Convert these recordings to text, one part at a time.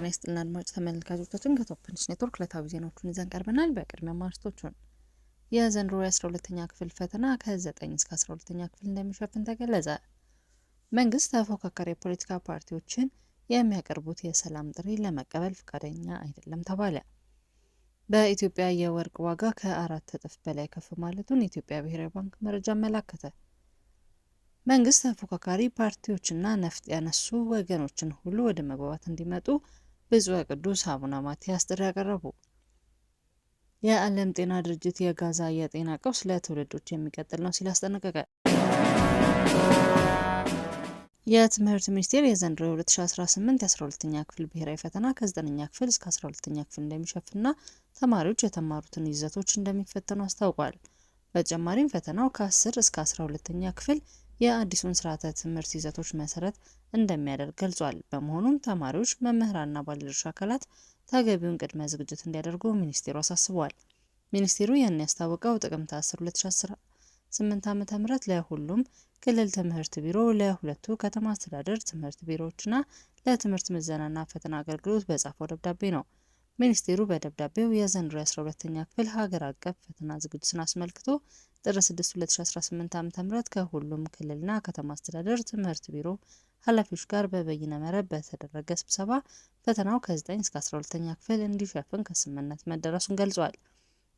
ጤና ይስጥና አድማጭ ተመልካቾቻችን ከቶፕ ኔትወርክ ዕለታዊ ዜናዎቹን ይዘን ቀርበናል። በቅድሚያ ማርስቶቹን የዘንድሮ የ12ኛ ክፍል ፈተና ከ9 እስከ 12ኛ ክፍል እንደሚሸፍን ተገለጸ። መንግስት ተፎካካሪ የፖለቲካ ፓርቲዎችን የሚያቀርቡት የሰላም ጥሪ ለመቀበል ፈቃደኛ አይደለም ተባለ። በኢትዮጵያ የወርቅ ዋጋ ከአራት እጥፍ በላይ ከፍ ማለቱን የኢትዮጵያ ብሔራዊ ባንክ መረጃ አመላከተ። መንግስት ተፎካካሪ ፓርቲዎችና ነፍጥ ያነሱ ወገኖችን ሁሉ ወደ መግባባት እንዲመጡ ብፁዕ ቅዱስ አቡነ ማትያስ ጥሪ ያቀረቡ። የዓለም ጤና ድርጅት የጋዛ የጤና ቀውስ ለትውልዶች የሚቀጥል ነው ሲል አስጠነቀቀ። የትምህርት ሚኒስቴር የዘንድሮ የ2018 የ12ኛ ክፍል ብሔራዊ ፈተና ከ9ኛ ክፍል እስከ 12ኛ ክፍል እንደሚሸፍንና ተማሪዎች የተማሩትን ይዘቶች እንደሚፈተኑ አስታውቋል። በተጨማሪም ፈተናው ከ10 እስከ 12ኛ ክፍል የአዲሱን ስርዓተ ትምህርት ይዘቶች መሰረት እንደሚያደርግ ገልጿል። በመሆኑም ተማሪዎች፣ መምህራንና ባለድርሻ አካላት ተገቢውን ቅድመ ዝግጅት እንዲያደርጉ ሚኒስቴሩ አሳስበዋል። ሚኒስቴሩ ያን ያስታወቀው ጥቅምት 10 2018 ዓ.ም ለሁሉም ክልል ትምህርት ቢሮ፣ ለሁለቱ ከተማ አስተዳደር ትምህርት ቢሮዎችና ለትምህርት ምዘናና ፈተና አገልግሎት በጻፈው ደብዳቤ ነው። ሚኒስቴሩ በደብዳቤው የዘንድሮ የ12ኛ ክፍል ሀገር አቀፍ ፈተና ዝግጅትን አስመልክቶ ጥር 6 2018 ዓ.ም ከሁሉም ክልልና ከተማ አስተዳደር ትምህርት ቢሮ ኃላፊዎች ጋር በበይነ መረብ በተደረገ ስብሰባ ፈተናው ከ9 እስከ 12ኛ ክፍል እንዲሸፍን ከስምምነት መደረሱን ገልጿል።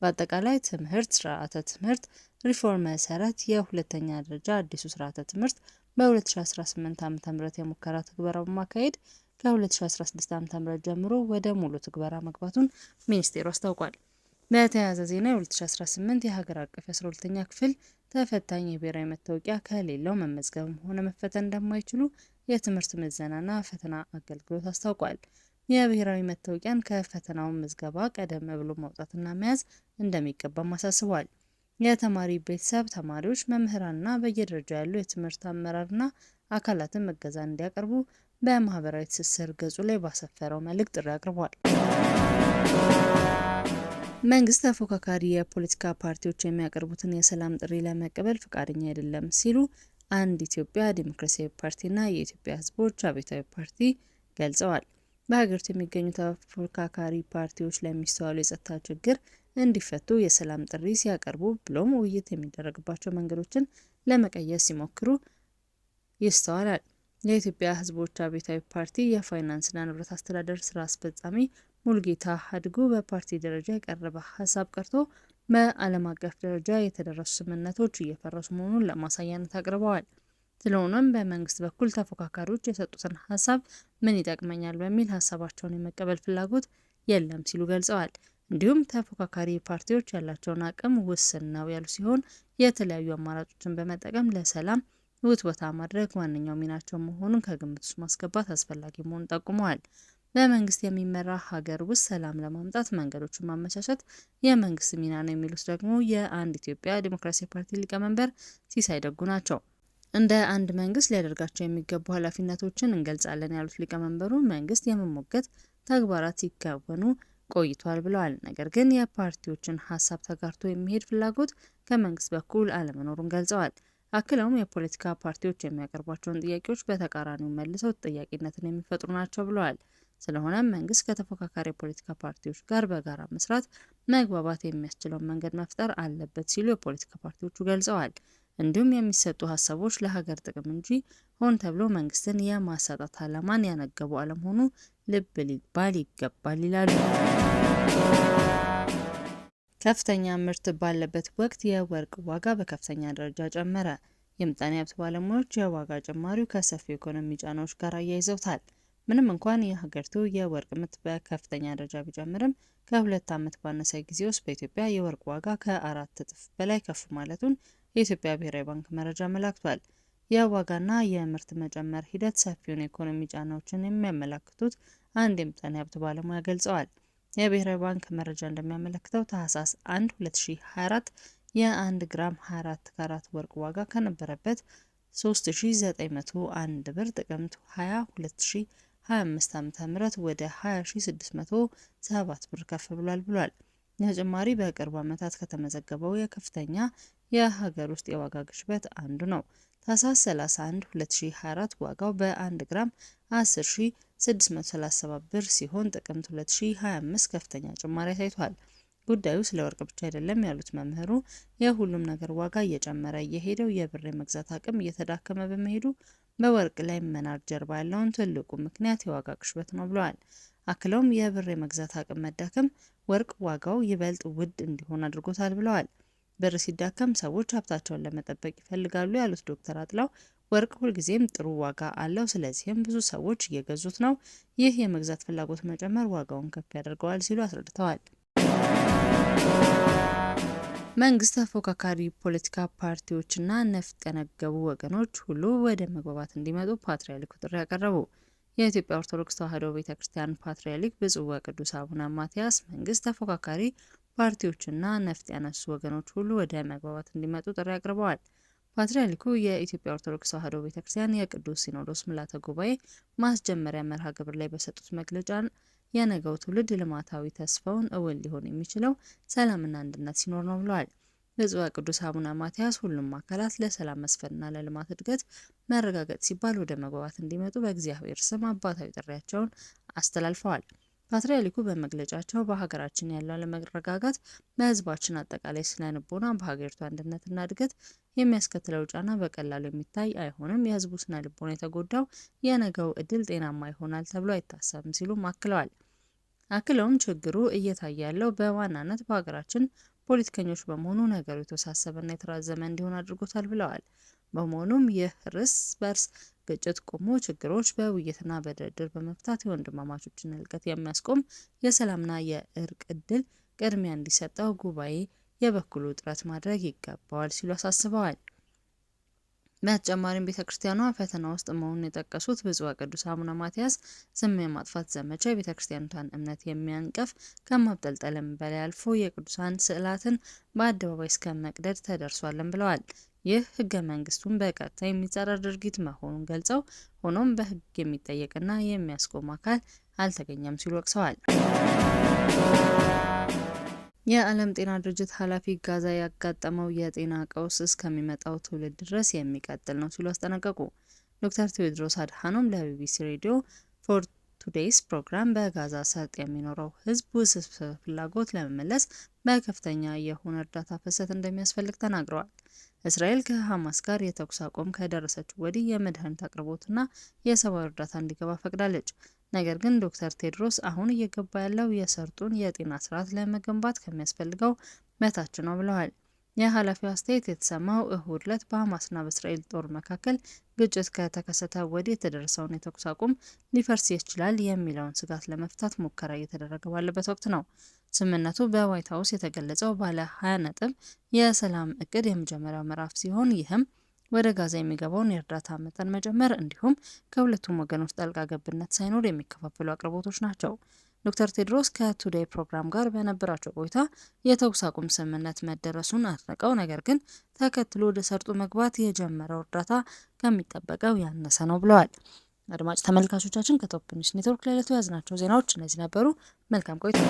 በአጠቃላይ ትምህርት ስርዓተ ትምህርት ሪፎርም መሰረት የሁለተኛ ደረጃ አዲሱ ስርዓተ ትምህርት በ2018 ዓ.ም የሙከራ ትግበራ በማካሄድ ከ2016 ዓ.ም ጀምሮ ወደ ሙሉ ትግበራ መግባቱን ሚኒስቴሩ አስታውቋል። በተያያዘ ዜና የ2018 የሀገር አቀፍ የ12ኛ ክፍል ተፈታኝ የብሔራዊ መታወቂያ ከሌለው መመዝገብም ሆነ መፈተን እንደማይችሉ የትምህርት ምዘናና ፈተና አገልግሎት አስታውቋል። የብሔራዊ መታወቂያን ከፈተናው ምዝገባ ቀደም ብሎ ማውጣትና መያዝ እንደሚገባም አሳስቧል። የተማሪ ቤተሰብ፣ ተማሪዎች፣ መምህራንና በየደረጃ ያሉ የትምህርት አመራርና አካላትን እገዛ እንዲያቀርቡ በማህበራዊ ትስስር ገጹ ላይ ባሰፈረው መልእክት ጥሪ አቅርቧል። መንግስት ተፎካካሪ የፖለቲካ ፓርቲዎች የሚያቀርቡትን የሰላም ጥሪ ለመቀበል ፈቃደኛ አይደለም ሲሉ አንድ ኢትዮጵያ ዴሞክራሲያዊ ፓርቲና የኢትዮጵያ ህዝቦች አብዮታዊ ፓርቲ ገልጸዋል። በሀገሪቱ የሚገኙ ተፎካካሪ ፓርቲዎች ለሚስተዋሉ የጸጥታ ችግር እንዲፈቱ የሰላም ጥሪ ሲያቀርቡ ብሎም ውይይት የሚደረግባቸው መንገዶችን ለመቀየስ ሲሞክሩ ይስተዋላል። የኢትዮጵያ ህዝቦች አብዮታዊ ፓርቲ የፋይናንስና ንብረት አስተዳደር ስራ አስፈጻሚ ሙልጌታ አድጉ በፓርቲ ደረጃ የቀረበ ሀሳብ ቀርቶ በዓለም አቀፍ ደረጃ የተደረሱ ስምምነቶች እየፈረሱ መሆኑን ለማሳያነት አቅርበዋል። ስለሆነም በመንግስት በኩል ተፎካካሪዎች የሰጡትን ሀሳብ ምን ይጠቅመኛል በሚል ሀሳባቸውን የመቀበል ፍላጎት የለም ሲሉ ገልጸዋል። እንዲሁም ተፎካካሪ ፓርቲዎች ያላቸውን አቅም ውስን ነው ያሉ ሲሆን የተለያዩ አማራጮችን በመጠቀም ለሰላም ውትወታ ማድረግ ዋነኛው ሚናቸው መሆኑን ከግምት ውስጥ ማስገባት አስፈላጊ መሆኑን ጠቁመዋል። በመንግስት የሚመራ ሀገር ውስጥ ሰላም ለማምጣት መንገዶችን ማመቻቸት የመንግስት ሚና ነው የሚሉት ደግሞ የአንድ ኢትዮጵያ ዲሞክራሲያዊ ፓርቲ ሊቀመንበር ሲሳይ ደጉ ናቸው። እንደ አንድ መንግስት ሊያደርጋቸው የሚገቡ ኃላፊነቶችን እንገልጻለን ያሉት ሊቀመንበሩ መንግስት የመሞገት ተግባራት ሲከወኑ ቆይቷል ብለዋል። ነገር ግን የፓርቲዎችን ሀሳብ ተጋርቶ የሚሄድ ፍላጎት ከመንግስት በኩል አለመኖሩን ገልጸዋል። አክለውም የፖለቲካ ፓርቲዎች የሚያቀርቧቸውን ጥያቄዎች በተቃራኒው መልሰው ተጠያቂነትን የሚፈጥሩ ናቸው ብለዋል። ስለሆነም መንግስት ከተፎካካሪ የፖለቲካ ፓርቲዎች ጋር በጋራ መስራት፣ መግባባት የሚያስችለውን መንገድ መፍጠር አለበት ሲሉ የፖለቲካ ፓርቲዎቹ ገልጸዋል። እንዲሁም የሚሰጡ ሀሳቦች ለሀገር ጥቅም እንጂ ሆን ተብሎ መንግስትን የማሳጣት ዓላማን ያነገቡ አለመሆኑ ልብ ሊባል ይገባል ይላሉ። ከፍተኛ ምርት ባለበት ወቅት የወርቅ ዋጋ በከፍተኛ ደረጃ ጨመረ። የምጣኔ ሀብት ባለሙያዎች የዋጋ ጭማሪው ከሰፊው ኢኮኖሚ ጫናዎች ጋር አያይዘውታል። ምንም እንኳን የሀገሪቱ የወርቅ ምርት በከፍተኛ ደረጃ ቢጨምርም ከሁለት ዓመት ባነሰ ጊዜ ውስጥ በኢትዮጵያ የወርቅ ዋጋ ከአራት እጥፍ በላይ ከፍ ማለቱን የኢትዮጵያ ብሔራዊ ባንክ መረጃ አመላክቷል። የዋጋና የምርት መጨመር ሂደት ሰፊውን የኢኮኖሚ ጫናዎችን የሚያመላክቱት አንድ የምጣኔ ሀብት ባለሙያ ገልጸዋል። የብሔራዊ ባንክ መረጃ እንደሚያመለክተው ታህሳስ 1 2024 የ1 ግራም 24 ካራት ወርቅ ዋጋ ከነበረበት 3901 ብር ጥቅምት 20 2025 ዓ.ም ወደ 20607 ብር ከፍ ብሏል ብሏል። ተጨማሪ በቅርብ ዓመታት ከተመዘገበው የከፍተኛ የሀገር ውስጥ የዋጋ ግሽበት አንዱ ነው። ታህሳስ 31 2024 ዋጋው በ1 ግራም 10637 ብር ሲሆን ጥቅምት 2025 ከፍተኛ ጭማሪ አሳይቷል። ጉዳዩ ስለ ወርቅ ብቻ አይደለም ያሉት መምህሩ የሁሉም ነገር ዋጋ እየጨመረ እየሄደው የብር የመግዛት አቅም እየተዳከመ በመሄዱ በወርቅ ላይ መናር ጀርባ ያለውን ትልቁ ምክንያት የዋጋ ግሽበት ነው ብለዋል። አክለውም የብር የመግዛት አቅም መዳከም ወርቅ ዋጋው ይበልጥ ውድ እንዲሆን አድርጎታል ብለዋል። ብር ሲዳከም ሰዎች ሀብታቸውን ለመጠበቅ ይፈልጋሉ ያሉት ዶክተር አጥላው ወርቅ ሁልጊዜም ጥሩ ዋጋ አለው፣ ስለዚህም ብዙ ሰዎች እየገዙት ነው። ይህ የመግዛት ፍላጎት መጨመር ዋጋውን ከፍ ያደርገዋል ሲሉ አስረድተዋል። መንግስት ተፎካካሪ ፖለቲካ ፓርቲዎችና ነፍጥ የነገቡ ወገኖች ሁሉ ወደ መግባባት እንዲመጡ ፓትርያርኩ ጥሪ ያቀረቡ። የኢትዮጵያ ኦርቶዶክስ ተዋሕዶ ቤተ ክርስቲያን ፓትርያርክ ብፁዕ ወቅዱስ አቡነ ማትያስ መንግስት ተፎካካሪ ፓርቲዎችና ነፍጥ ያነሱ ወገኖች ሁሉ ወደ መግባባት እንዲመጡ ጥሪ አቅርበዋል። ፓትርያርኩ የኢትዮጵያ ኦርቶዶክስ ተዋሕዶ ቤተክርስቲያን የቅዱስ ሲኖዶስ ምልዓተ ጉባኤ ማስጀመሪያ መርሃ ግብር ላይ በሰጡት መግለጫ የነገው ትውልድ ልማታዊ ተስፋውን እውን ሊሆን የሚችለው ሰላምና አንድነት ሲኖር ነው ብለዋል። ብፁዕ ቅዱስ አቡነ ማትያስ ሁሉም አካላት ለሰላም መስፈንና ለልማት እድገት መረጋገጥ ሲባል ወደ መግባባት እንዲመጡ በእግዚአብሔር ስም አባታዊ ጥሪያቸውን አስተላልፈዋል። ፓትርያርኩ በመግለጫቸው በሀገራችን ያለው አለመረጋጋት በህዝባችን አጠቃላይ ስነ ልቦና፣ በሀገሪቱ አንድነትና እድገት የሚያስከትለው ጫና በቀላሉ የሚታይ አይሆንም። የህዝቡ ስነ ልቦና የተጎዳው የነገው እድል ጤናማ ይሆናል ተብሎ አይታሰብም ሲሉም አክለዋል። አክለውም ችግሩ እየታየ ያለው በዋናነት በሀገራችን ፖለቲከኞች በመሆኑ ነገሩ የተወሳሰበና የተራዘመ እንዲሆን አድርጎታል ብለዋል። በመሆኑም ይህ እርስ በርስ ግጭት ቆሞ ችግሮች በውይይትና በድርድር በመፍታት የወንድማማቾችን እልቀት የሚያስቆም የሰላምና የእርቅ እድል ቅድሚያ እንዲሰጠው ጉባኤ የበኩሉ ጥረት ማድረግ ይገባዋል ሲሉ አሳስበዋል። በተጨማሪም ቤተ ክርስቲያኗ ፈተና ውስጥ መሆኑን የጠቀሱት ብፁዕ ወቅዱስ አቡነ ማትያስ ስም የማጥፋት ዘመቻ የቤተ ክርስቲያኒቷን እምነት የሚያንቀፍ ከማብጠልጠልም በላይ አልፎ የቅዱሳን ስዕላትን በአደባባይ እስከ መቅደድ ተደርሷልም ብለዋል። ይህ ህገ መንግስቱን በቀጥታ የሚጻረር ድርጊት መሆኑን ገልጸው ሆኖም በህግ የሚጠየቅና የሚያስቆም አካል አልተገኘም ሲሉ ወቅሰዋል። የዓለም ጤና ድርጅት ኃላፊ ጋዛ ያጋጠመው የጤና ቀውስ እስከሚመጣው ትውልድ ድረስ የሚቀጥል ነው ሲሉ አስጠነቀቁ። ዶክተር ቴዎድሮስ አድሃኖም ለቢቢሲ ሬዲዮ ቱዴይስ ፕሮግራም በጋዛ ሰርጥ የሚኖረው ህዝብ ውስብስብ ፍላጎት ለመመለስ በከፍተኛ የሆነ እርዳታ ፍሰት እንደሚያስፈልግ ተናግረዋል። እስራኤል ከሐማስ ጋር የተኩስ አቁም ከደረሰች ወዲህ የመድኃኒት አቅርቦትና የሰብአዊ እርዳታ እንዲገባ ፈቅዳለች። ነገር ግን ዶክተር ቴድሮስ አሁን እየገባ ያለው የሰርጡን የጤና ስርዓት ለመገንባት ከሚያስፈልገው በታች ነው ብለዋል። የኃላፊው አስተያየት የተሰማው እሁድ ዕለት በሐማስና በእስራኤል ጦር መካከል ግጭት ከተከሰተ ወዲህ የተደረሰውን የተኩስ አቁም ሊፈርስ ይችላል የሚለውን ስጋት ለመፍታት ሙከራ እየተደረገ ባለበት ወቅት ነው። ስምምነቱ በዋይት ሀውስ የተገለጸው ባለ 20 ነጥብ የሰላም እቅድ የመጀመሪያው ምዕራፍ ሲሆን ይህም ወደ ጋዛ የሚገባውን የእርዳታ መጠን መጨመር እንዲሁም ከሁለቱም ወገኖች ጣልቃ ገብነት ሳይኖር የሚከፋፈሉ አቅርቦቶች ናቸው። ዶክተር ቴድሮስ ከቱዴይ ፕሮግራም ጋር በነበራቸው ቆይታ የተኩስ አቁም ስምምነት መደረሱን አድንቀው ነገር ግን ተከትሎ ወደ ሰርጡ መግባት የጀመረው እርዳታ ከሚጠበቀው ያነሰ ነው ብለዋል። አድማጭ ተመልካቾቻችን ከቶፕ ኒውስ ኔትወርክ ለዕለቱ ያዝናቸው ዜናዎች እነዚህ ነበሩ። መልካም ቆይታ